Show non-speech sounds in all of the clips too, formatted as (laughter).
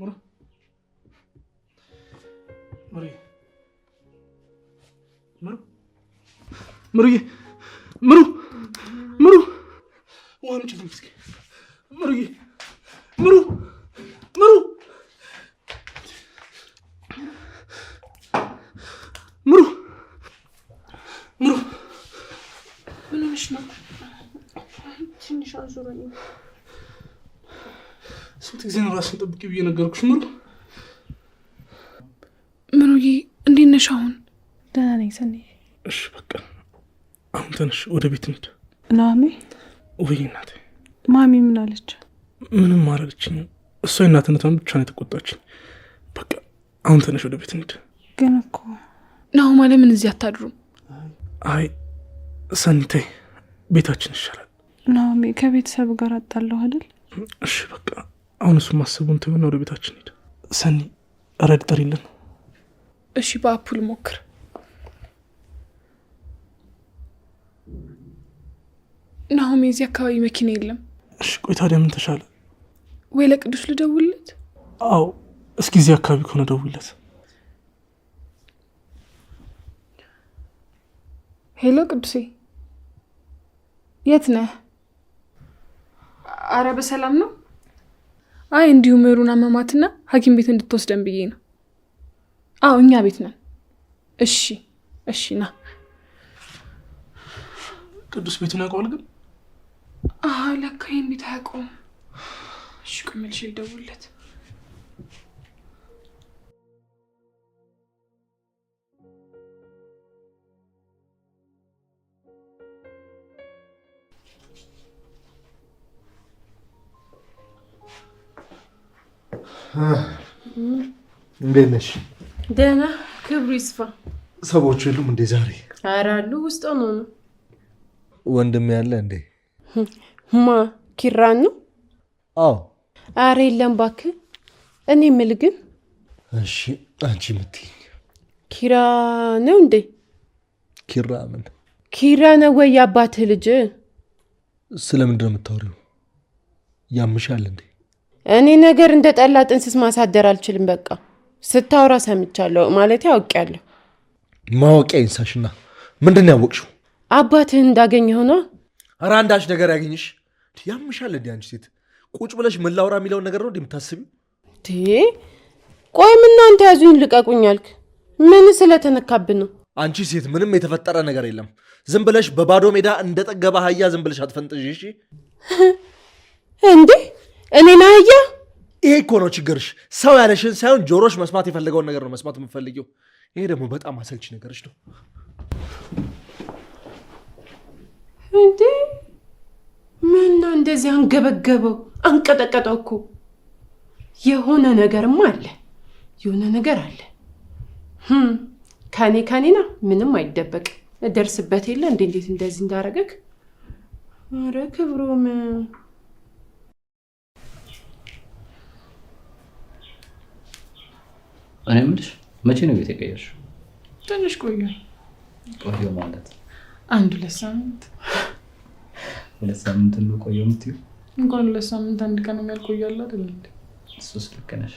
മുറി മുറി മുറി മുറുകി മുറു ብቅ ብዬ ነገርኩሽ። ምሩ ምሩዬ፣ እንዴት ነሽ? አሁን ደህና ነኝ ሰኔ እሺ በቃ አሁን ተነሽ፣ ወደ ቤት እንሂድ። ናሜ ወይ እናቴ። ማሚ ምን አለች? ምንም አላለችኝ። እሷ እናትነቷን ብቻ ነው የተቆጣችኝ። በቃ አሁን ተነሽ፣ ወደ ቤት እንሂድ። ግን እኮ ናሁማ ለምን እዚህ አታድሩም? አይ ሰኒቴ፣ ቤታችን ይሻላል። ናሜ ከቤተሰብ ጋር አጣለሁ አይደል? እሺ በቃ አሁን እሱ ማሰቡን ትሆና ወደ ቤታችን ሄደ። ሰኒ ረድ ጠሪልን። እሺ በአፑል ሞክር። ናሁም የዚህ አካባቢ መኪና የለም። እሺ ቆይ ታዲያ ምን ተሻለ? ወይ ለቅዱስ ልደውልለት? አዎ እስኪ እዚህ አካባቢ ከሆነ ደውለት ሄሎ ቅዱሴ፣ የት ነህ? አረ በሰላም ነው አይ እንዲሁ ምሩን አመማትና ሐኪም ቤት እንድትወስደን ብዬ ነው። አዎ እኛ ቤት ነን። እሺ እሺ ና። ቅዱስ ቤቱን ያውቀዋል ግን? አዎ ለካ ይሄን ቤት አያውቀውም። እሺ ቅምልሽ ይደውልለት እንዴት ነሽ? ደህና ክብሩ ይስፋ። ሰዎች የሉም እንዴ ዛሬ? ኧረ አሉ፣ ውስጥ ነው ነው። ወንድም ያለ እንዴ? ማ ኪራን ነው? አዎ። ኧረ የለም ባክ እኔ ምል ግን እሺ፣ አንቺ ምትኝ ኪራ ነው እንዴ? ኪራ ምን ኪራ ነው ወይ የአባትህ ልጅ? ስለምንድን ነው የምታወሪው? ያምሻል እንዴ? እኔ ነገር እንደ ጠላ ጥንስስ ማሳደር አልችልም። በቃ ስታወራ ሰምቻለሁ ማለት አውቄያለሁ። ማወቂያ ይንሳሽና ምንድን ነው ያወቅሽው? አባትህ እንዳገኘ ሆኖ ኧረ አንዳች ነገር ያገኝሽ ያምሻል። እንዲ አንቺ ሴት ቁጭ ብለሽ ምን ላውራ የሚለውን ነገር ነው እንደምታስቢው። ቆይ ምን እናንተ ያዙኝ ልቀቁኝ አልክ? ምን ስለተነካብን ነው? አንቺ ሴት ምንም የተፈጠረ ነገር የለም። ዝም ብለሽ በባዶ ሜዳ እንደጠገበ አህያ ዝም ብለሽ አትፈንጥሽ። እሺ እንዴ እኔ ላያ ይሄ እኮ ነው ችግርሽ። ሰው ያለሽን ሳይሆን ጆሮሽ መስማት የፈለገውን ነገር ነው መስማት የምፈልጊው። ይሄ ደግሞ በጣም አሰልች ነገርች ነው እንዴ። ምና እንደዚህ አንገበገበው አንቀጠቀጠው እኮ። የሆነ ነገርም አለ፣ የሆነ ነገር አለ። hm፣ ከኔ ከኔና ምንም አይደበቅ ደርስበት የለ እንዴ! እንዴት እንደዚህ እንዳረገግ? ኧረ ክብሮም እኔ የምልሽ መቼ ነው ቤት የቀየርሽው? ትንሽ ቆየ። ቆየ ማለት አንድ ሁለት ሳምንት። ሁለት ሳምንት ነው ቆየ የምትይው? እንኳን ሁለት ሳምንት አንድ ቀን የሚያልቆየ አለ አይደል? እሱስ ልክ ነሽ፣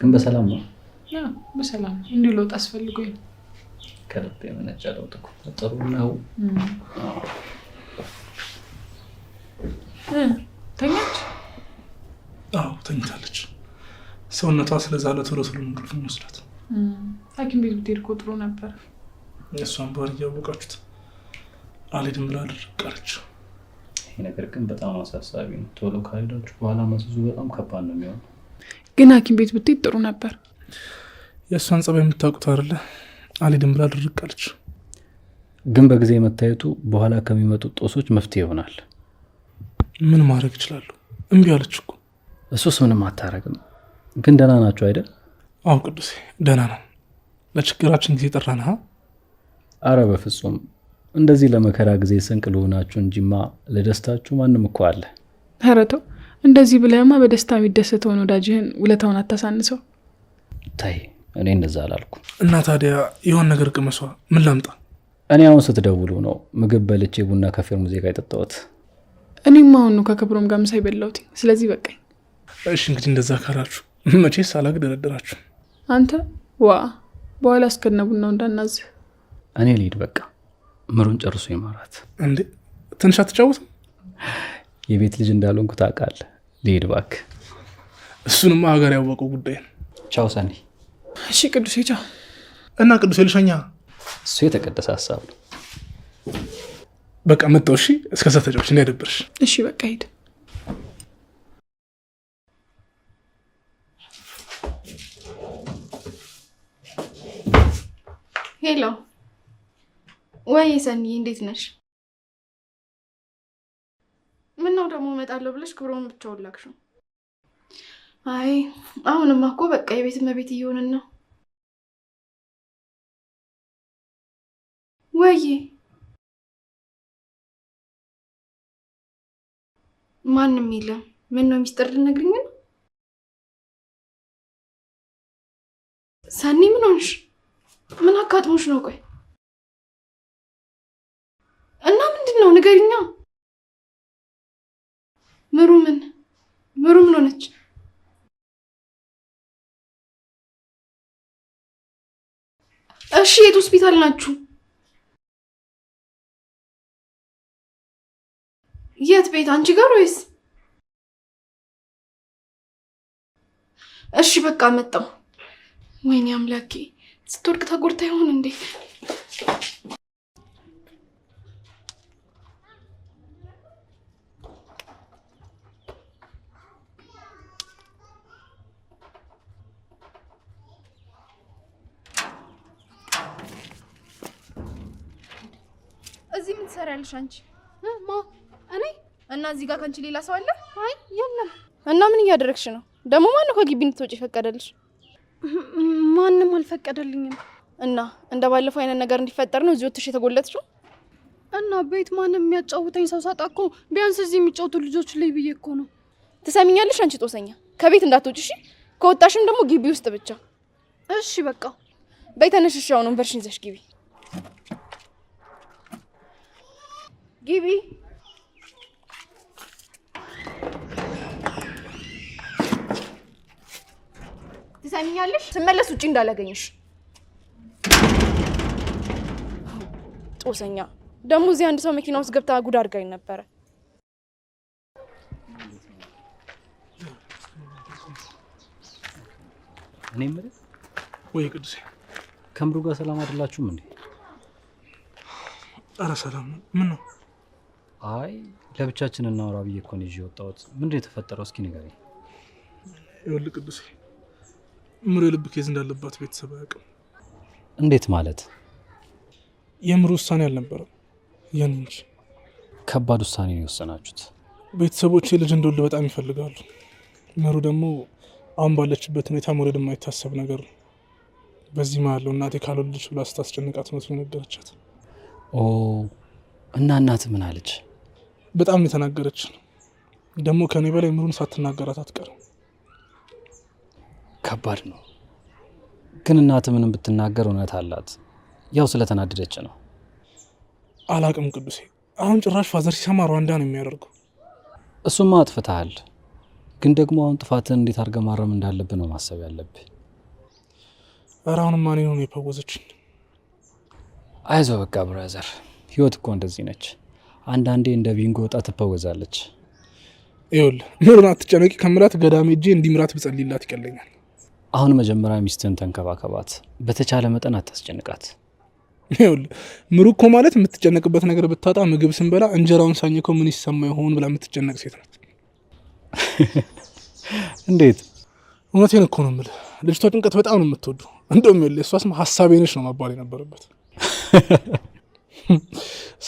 ግን በሰላም ነው። በሰላም እንዲሁ ለውጥ አስፈልጎኝ ከልብ የመነጨ ለውጥ እኮ ጥሩ ነው። ተኛች? አዎ ተኝታለች። ሰውነቷ ስለዛለ ቶሎ ቶሎ እንቅልፍ ወስዳት ሐኪም ቤት ብትሄድ እኮ ጥሩ ነበር። እሷን ባህር እያወቃችሁት አልሄድም ብላ አድርግ ይሄ ነገር ግን በጣም አሳሳቢ ነው። ቶሎ ካልሄዳችሁ በኋላ መዘዙ በጣም ከባድ ነው የሚሆነው። ግን ሐኪም ቤት ብትሄድ ጥሩ ነበር። የእሷን ጸባይ የምታውቁት አይደለ? አልሄድም ብላ አድርግ ግን በጊዜ መታየቱ በኋላ ከሚመጡ ጦሶች መፍትሄ ይሆናል። ምን ማድረግ እችላለሁ? እምቢ አለች እኮ። እሱስ ምንም አታረግም። ግን ደና ናቸው አይደል? አሁን ቅዱሴ ደና ነው። ለችግራችን ጊዜ ጠራና? አረ በፍጹም እንደዚህ ለመከራ ጊዜ ስንቅ ልሆናችሁ እንጂማ ለደስታችሁ ማንም እኮ አለ። ረቶ እንደዚህ ብለማ በደስታ የሚደሰተውን ወዳጅህን ውለታውን አታሳንሰው። ታይ እኔ እንደዛ አላልኩ። እና ታዲያ የሆን ነገር ቅመሷ። ምን ላምጣ? እኔ አሁን ስትደውሉ ነው ምግብ በልቼ ቡና ከፌር ሙዚቃ የጠጣሁት። እኔም አሁን ነው ከክብሮም ጋር ምሳ ስለዚህ በቃኝ። እሺ እንግዲህ እንደዛ ካላችሁ መቼ ሳላግ ደረደራችሁ። አንተ ዋ በኋላ እስከነ ቡናው እንዳናዝህ። እኔ ልሂድ በቃ። ምሩን ጨርሶ ይማራት እንዴ። ትንሽ አትጫወትም? የቤት ልጅ እንዳልሆንኩ ታውቃለህ። ልሂድ እባክህ። እሱንማ ሀገር ያወቀው ጉዳይ ነው። ቻው ሰኒ። እሺ ቅዱሴ ቻው። እና ቅዱሴ ልሸኛ። እሱ የተቀደሰ ሀሳብ ነው። በቃ መጣሁ። እሺ እስከዛ ተጫዎች እንዳይደብርሽ። እሺ በቃ ሂድ። ሄሎ፣ ወይ ሰኒ፣ እንዴት ነሽ? ምነው ደግሞ እመጣለሁ ብለሽ ክብሮም ብቻውን ላክሽው? አይ አሁንማ እኮ በቃ የቤት እመቤት እየሆንን ነው። ወይ ማንም የለም። ምን ነው ሚስጥር ልነግሪኝ ነው? ሰኒ ምን ሆንሽ? ምን አጋጥሞሽ ነው? ቆይ እና ምንድን ነው ንገሪኛ። ምሩ ምን ምሩ ምን ሆነች? እሺ የት ሆስፒታል ናችሁ? የት ቤት? አንቺ ጋር ወይስ? እሺ በቃ መጣሁ። ወይኔ አምላኬ ስትወድቅ ተጎድታ ይሆን እንዴ? እዚህ ምን ትሰሪያለሽ አንቺ? ማ እኔ እና እዚህ ጋር ከአንቺ ሌላ ሰው አለ? አይ የለም። እና ምን እያደረግሽ ነው ደግሞ? ማነው ከግቢ እንድትወጪ የፈቀደልሽ? ማንም አልፈቀደልኝም። እና እንደ ባለፈው አይነት ነገር እንዲፈጠር ነው እዚህ ወጥሽ የተጎለጥሽው? እና ቤት ማንም የሚያጫውተኝ ሰው ሳጣ እኮ ቢያንስ እዚህ የሚጫወቱ ልጆች ላይ ብዬ እኮ ነው። ትሰሚኛለሽ? አንቺ ጦሰኛ ከቤት እንዳትውጭ እሺ። ከወጣሽም ደግሞ ግቢ ውስጥ ብቻ እሺ። በቃ በይ ተነሽሽ፣ አሁን ወንበርሽን ይዘሽ ግቢ ግቢ ትሰሚኛለሽ? ስመለስ ውጪ እንዳላገኝሽ። ጦሰኛ ደግሞ እዚህ አንድ ሰው መኪና ውስጥ ገብታ ጉድ አድርጋኝ ነበረ። እኔ የምልህ ወይ ቅዱሴ ከምሩ ጋር ሰላም አይደላችሁም እንዴ? አረ ሰላም ነው። ምን ነው? አይ ለብቻችን እናወራ ብዬ እኮ ነው ይዤ የወጣሁት። ምንድን የተፈጠረው? እስኪ ንገረኝ። ይኸውልህ ቅዱሴ ምሮ የልብ ኬዝ እንዳለባት ቤተሰብ አያውቅም። እንዴት ማለት? የምሮ ውሳኔ አልነበረም ያን እንጂ። ከባድ ውሳኔ ነው የወሰናችሁት። ቤተሰቦች ልጅ እንደወልድ በጣም ይፈልጋሉ። ምሩ ደግሞ አሁን ባለችበት ሁኔታ መውለድ የማይታሰብ ነገር ነው። በዚህ መሀል እናቴ ካልወለደች ብላ ስታስጨንቃት ነው ነገረቻት። ኦ እና እናት ምን አለች? በጣም የተናገረች ነው ደግሞ ከእኔ በላይ ምሩን ሳትናገራት አትቀርም። ከባድ ነው። ግን እናት ምንም ብትናገር እውነት አላት። ያው ስለተናደደች ነው። አላቅም ቅዱሴ። አሁን ጭራሽ ፋዘር ሲሰማ ሩዋንዳ ነው የሚያደርገው። እሱማ አጥፍተሃል። ግን ደግሞ አሁን ጥፋትን እንዴት አድርገ ማረም እንዳለብን ነው ማሰብ ያለብህ። ኧረ አሁንማ ማን ነው የፈወዘችን። አይዞ በቃ ብራዘር፣ ህይወት እኮ እንደዚህ ነች። አንዳንዴ እንደ ቢንጎ ወጣ ትፈወዛለች። ይኸውልህ ምሩን አትጨነቂ ከምላት ገዳሜ እጄ እንዲምራት ብጸልይላት ይቀለኛል። አሁን መጀመሪያ ሚስትን ተንከባከባት። በተቻለ መጠን አታስጨንቃት። ምሩኮ ማለት የምትጨነቅበት ነገር ብታጣ ምግብ ስንበላ እንጀራውን ሳኝከው ምን ይሰማ ይሆን ብላ የምትጨነቅ ሴት ናት። (laughs) እንዴት? እውነቴን እኮ ነው የምልህ። ልጅቷ ጭንቀት በጣም ነው የምትወዱ። እንደውም የለ እሷስ ሀሳቤ ነች ነው መባል የነበረበት። (laughs)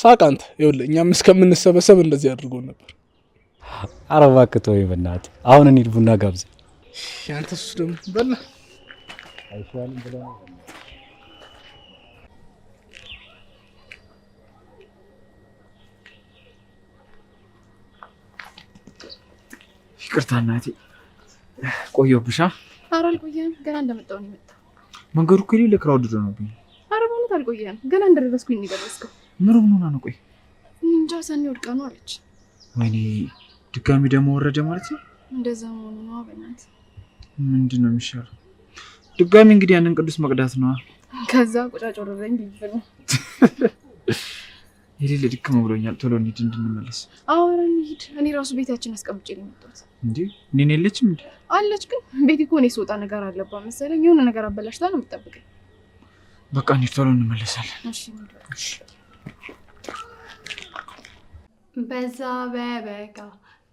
ሳቅ አንተ። ይኸውልህ እኛም እስከምንሰበሰብ እንደዚህ አድርጎን ነበር። ኧረ እባክህ ተወኝ በእናትህ። አሁን እንሂድ ቡና ጋብዘኝ አንተ እሱ ደግሞ በላ አይሻልም ብላ ይቅርታ እናቴ፣ ቆየሁብሻ። ኧረ አልቆየም፣ ገና እንደመጣሁ ነው የመጣሁ። መንገዱ እኮ የሌለ ክራው ድሮ ኧረ በእውነት አልቆየም፣ ገና እንደደረስኩኝ ነው የደረስከው። ምሩ ምን ሆና ነው? ቆይ እንጃ፣ ሰኔ ወድቃ ነው አለች። ወይኔ ድጋሚ ደግሞ ወረደ ማለት ነው። እንደዛ መሆኑ ነው በእናትህ ምንድን ነው የሚሻለው? ድጋሚ እንግዲህ ያንን ቅዱስ መቅዳት ነዋ። ከዛ ቁጫጭ ወረረኝ ቢብል የሌለ ድክም ብሎኛል። ቶሎ እንሂድ እንድንመለስ። አዋራ እንሂድ። እኔ ራሱ ቤታችን አስቀምጬ ልመጣት። እንዲ እኔን የለችም እንዲ አለች። ግን ቤት እኮ እኔ ስወጣ ነገር አለባ መሰለኝ። የሆነ ነገር አበላሽታ ነው የምጠብቀኝ። በቃ እንሂድ፣ ቶሎ እንመለሳለን። በዛ በበጋ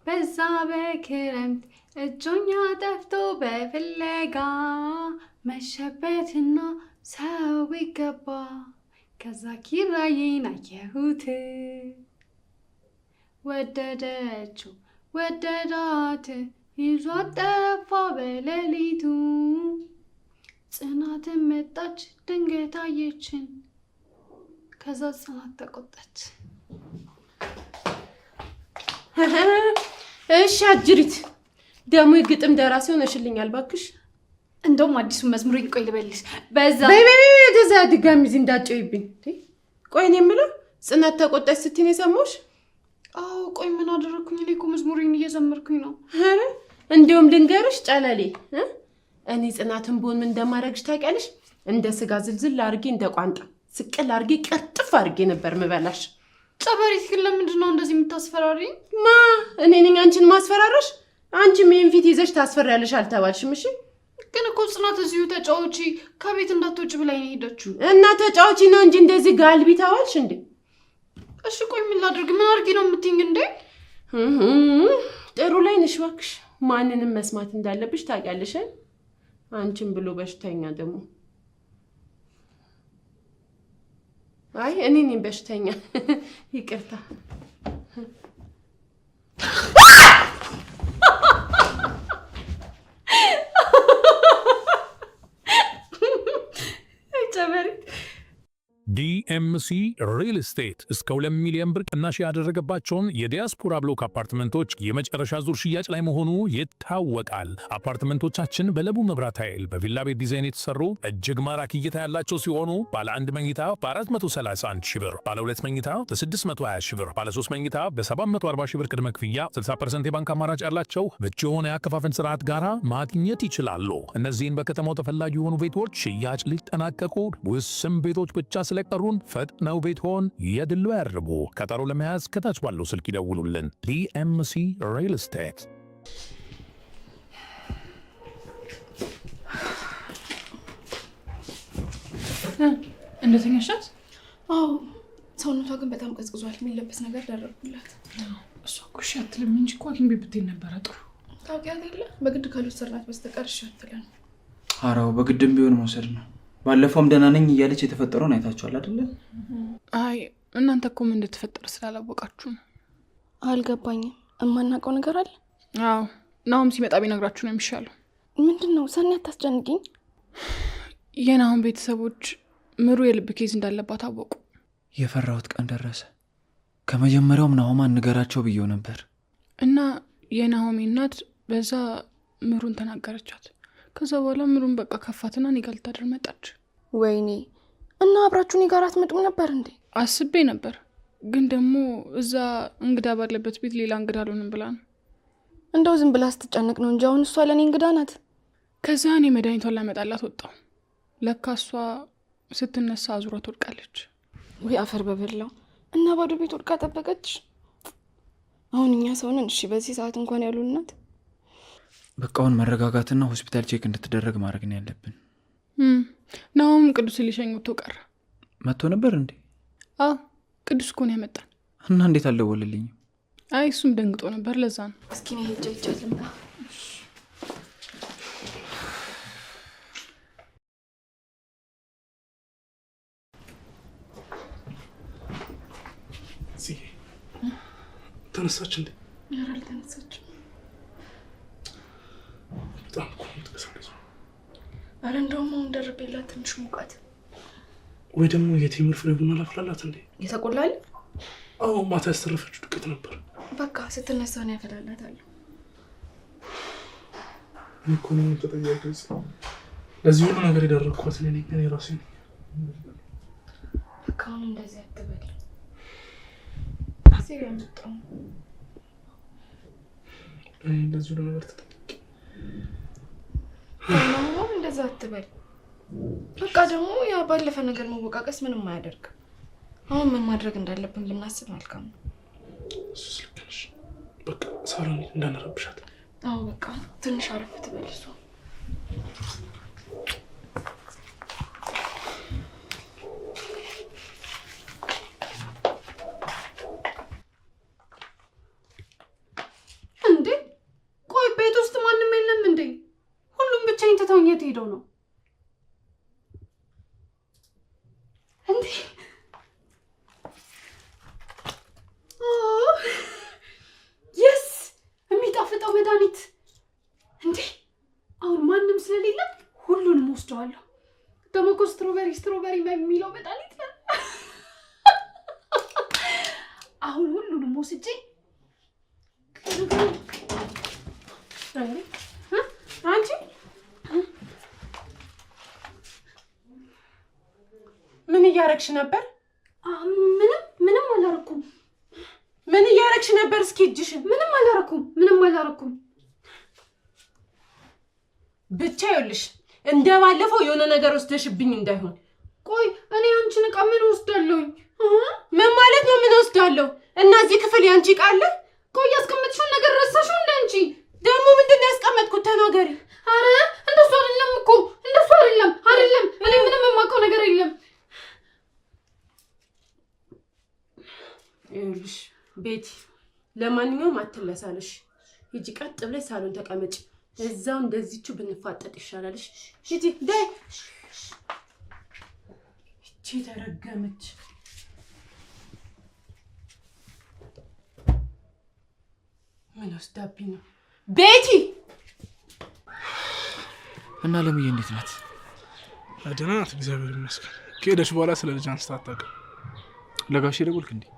በዛ በክረምት እጆኛ ጠፍቶ በፍለጋ መሸበትና ሰው ይገባ ከዛ ኪራዬን አየሁት ወደደችው ወደዳት ይዟ ጠፋ በሌሊቱ ጽናትን መጣች ድንገት አየችን ከዛ ጽናት ተቆጣች እሺ አጅሪት ደግሞ ግጥም ደራሲ ሆነሽልኛል። ባክሽ እንደውም አዲሱን መዝሙር ቆይ ልበልሽ። በዛ ድጋሚ እዚህ እንዳጨይብኝ። ቆይ እኔ የምለው ጽናት ተቆጣች ስትይኝ የሰማሁሽ? አዎ። ቆይ ምን አደረግኩኝ? እኔ እኮ መዝሙሬን እየዘመርኩኝ ነው። ኧረ እንዲሁም ልንገርሽ ጨለሌ፣ እኔ ጽናትን ቦን ምን እንደማደርግሽ ታውቂያለሽ? እንደ ስጋ ዝልዝል አድርጌ እንደ ቋንጣ ስቅል አድርጌ ቅርጥፍ አድርጌ ነበር ምበላሽ። ጨበሪት ግን ለምንድን ነው እንደዚህ የምታስፈራሪኝ? ማ እኔ ነኝ አንቺን ማስፈራራሽ? አንቺም ይሄን ፊት ይዘሽ ታስፈሪያለሽ አልተባልሽም? እሺ ግን እኮ ጽናት እዚሁ ተጫዎቺ ከቤት እንዳትወጪ ብላኝ ነው እና ተጫዎቺ ነው እንጂ እንደዚህ ጋልቢ ታዋልሽ እንዴ? እሺ ቆይ ምን ላድርግ? ምን አድርጊ ነው የምትይኝ እንዴ? ጥሩ ላይ ነሽ እባክሽ። ማንንም መስማት እንዳለብሽ ታውቂያለሽ። አንቺም ብሎ በሽተኛ ደግሞ አይ እኔ ነኝ በሽተኛ። (laughs) ይቅርታ D ኤምሲ ሪል ስቴት እስከ 2 ሚሊዮን ብር ቅናሽ ያደረገባቸውን የዲያስፖራ ብሎክ አፓርትመንቶች የመጨረሻ ዙር ሽያጭ ላይ መሆኑ ይታወቃል። አፓርትመንቶቻችን በለቡ መብራት ኃይል በቪላ ቤት ዲዛይን የተሰሩ እጅግ ማራኪ እይታ ያላቸው ሲሆኑ ባለ አንድ መኝታ በ431 ሺ ብር፣ ባለ ሁለት መኝታ በ620 ሺ ብር፣ ባለ ሶስት መኝታ በ740 ሺ ብር ቅድመ ክፍያ 60% የባንክ አማራጭ ያላቸው ምቹ የሆነ የአከፋፈል ስርዓት ጋራ ማግኘት ይችላሉ። እነዚህን በከተማው ተፈላጊ የሆኑ ቤቶች ሽያጭ ሊጠናቀቁ ውስን ቤቶች ብቻ ስለቀሩን ፈጥነው ቤትዎን የድሉ ያድርጉ። ቀጠሮ ለመያዝ ከታች ባለው ስልክ ይደውሉልን። ዲኤምሲ ሪል ስቴት። እንደተኛሻት? አዎ፣ ሰውነቷ ግን በጣም ቀዝቅዟል። የሚለበስ ነገር ደረግኩላት። እሷ እኮ እሺ አትልም እንጂ እኮ ሐኪም ቤት ብትሄድ ነበረ ጥሩ። ታውቂያት የለ በግድ ካልወሰድናት በስተቀር እሺ አትለን። አራው በግድም ቢሆን መውሰድ ነው ባለፈውም ደህና ነኝ እያለች የተፈጠረውን አይታችኋል አይደለ? አይ እናንተ እኮ ምን እንደተፈጠረ ስላላወቃችሁ ነው። አልገባኝም። የማናውቀው ነገር አለ? አዎ ናሁም ሲመጣ ቢነግራችሁ ነው የሚሻለው። ምንድን ነው ሰኒ፣ አታስጨንቅኝ። የናሁም ቤተሰቦች ምሩ የልብ ኬዝ እንዳለባት አወቁ። የፈራሁት ቀን ደረሰ። ከመጀመሪያውም ናሆማ አንገራቸው ብየው ነበር እና የናሆሚ እናት በዛ ምሩን ተናገረቻት። ከዛ በኋላ ምሩን በቃ ከፋትና እኔ ጋር ልታደር መጣች። ወይኔ እና አብራችሁ እኔ ጋር አትመጡም ነበር እንዴ? አስቤ ነበር፣ ግን ደግሞ እዛ እንግዳ ባለበት ቤት ሌላ እንግዳ አልሆንም ብላ ነው። እንደው ዝም ብላ ስትጨነቅ ነው እንጂ አሁን እሷ ለእኔ እንግዳ ናት። ከዛ እኔ መድኃኒቷን ላመጣላት ወጣው ለካ እሷ ስትነሳ አዙራ ትወድቃለች። ወይ አፈር በበላው እና ባዶ ቤት ወድቃ ጠበቀች። አሁን እኛ ሰውነን እሺ፣ በዚህ ሰዓት እንኳን ያሉ እናት በቃውን መረጋጋትና ሆስፒታል ቼክ እንድትደረግ ማድረግ ነው ያለብን። ናሁም ቅዱስ ሊሸኝ ወጥቶ ቀረ። መጥቶ ነበር እንዴ? አዎ ቅዱስ እኮ ነው ያመጣን። እና እንዴት አልደወለልኝም? አይ እሱም ደንግጦ ነበር፣ ለዛ ነው። እስኪ ነው ሄጃ አይቻልም። ተነሳች እንዴ? ያራል ተነሳች አረ እንደውም አሁን ደርቤላት ትንሽ ሙቃት ወይ ደግሞ የቴምር ፍሬ ቡና ላፍላላት እንዴ? የተቆላል? አዎ ማታ ያስተረፈችው ዱቄት ነበር። በቃ ስትነሳ ነው ያፈላላታለሁ። ኢኮኖሚ ተጠያቂ ለዚህ ሁሉ ነገር የዳረግኳት እኔ ነኝ። ራሴ ነኝ። በቃ አሁን እንደዚህ አትበል። ሴር ያመጣው እኔ ሁሉ ነገር ተጠያቂ ለማሆኖም እንደዛ አትበል። በቃ ደግሞ ያ ባለፈ ነገር መወቃቀስ ምንም አያደርግም። አሁን ምን ማድረግ እንዳለብን ብናስብ መልካም ነው። በቃ ሳሎን እንዳንረብሻት። አዎ በቃ ትንሽ አረፍ ትበል እሷ የት ሄደው ነው እንዴ? የስ የሚጣፍጠው መድኃኒት እንዴ! አሁን ማንም ስለሌለ ሁሉንም ወስደዋለሁ። ደግሞ እኮ ስትሮበሪ ስትሮበሪ የሚለው መድኃኒት አሁን ሁሉንም ወስጄ እያረግሽ ነበር? ምንም ምንም አላረኩም። ምን እያረግሽ ነበር? እስኪ እጅሽን። ምንም አላረኩም፣ ምንም አላረኩም። ብቻ ይኸውልሽ እንደ ባለፈው የሆነ ነገር ወስደሽብኝ እንዳይሆን። ቆይ እኔ አንቺን እቃ ምን ወስዳለሁኝ? ምን ማለት ነው? ምን ወስዳለሁ? እና እዚህ ክፍል ያንቺ እቃ አለ? ቆይ ያስቀመጥሽውን ነገር ረሳሽው እንደ አንቺ። ደግሞ ምንድን ነው ያስቀመጥኩት? ተናገሪ። አረ እንደሱ አይደለም እኮ እንደሱ አይደለም አይደለም። እኔ ምንም የማውቀው ነገር የለም ይኸውልሽ ቤቲ፣ ለማንኛውም አትለሳለሽ። ሂጂ ቀጥ ብለሽ ሳሎን ተቀመጭ። እዛው እንደዚችው ብንፋጠጥ ይሻላልሽ። ሂጂ ዳይ። እቺ ተረገመች። ምን ወስዳብኝ ነው ቤቲ? እና ለምዬ እንዴት ናት? ደህና ናት፣ እግዚአብሔር ይመስገን። ከሄደች በኋላ ስለ ልጅ አንስታ አታውቅም። ለጋሼ ደወልክ እንዴ?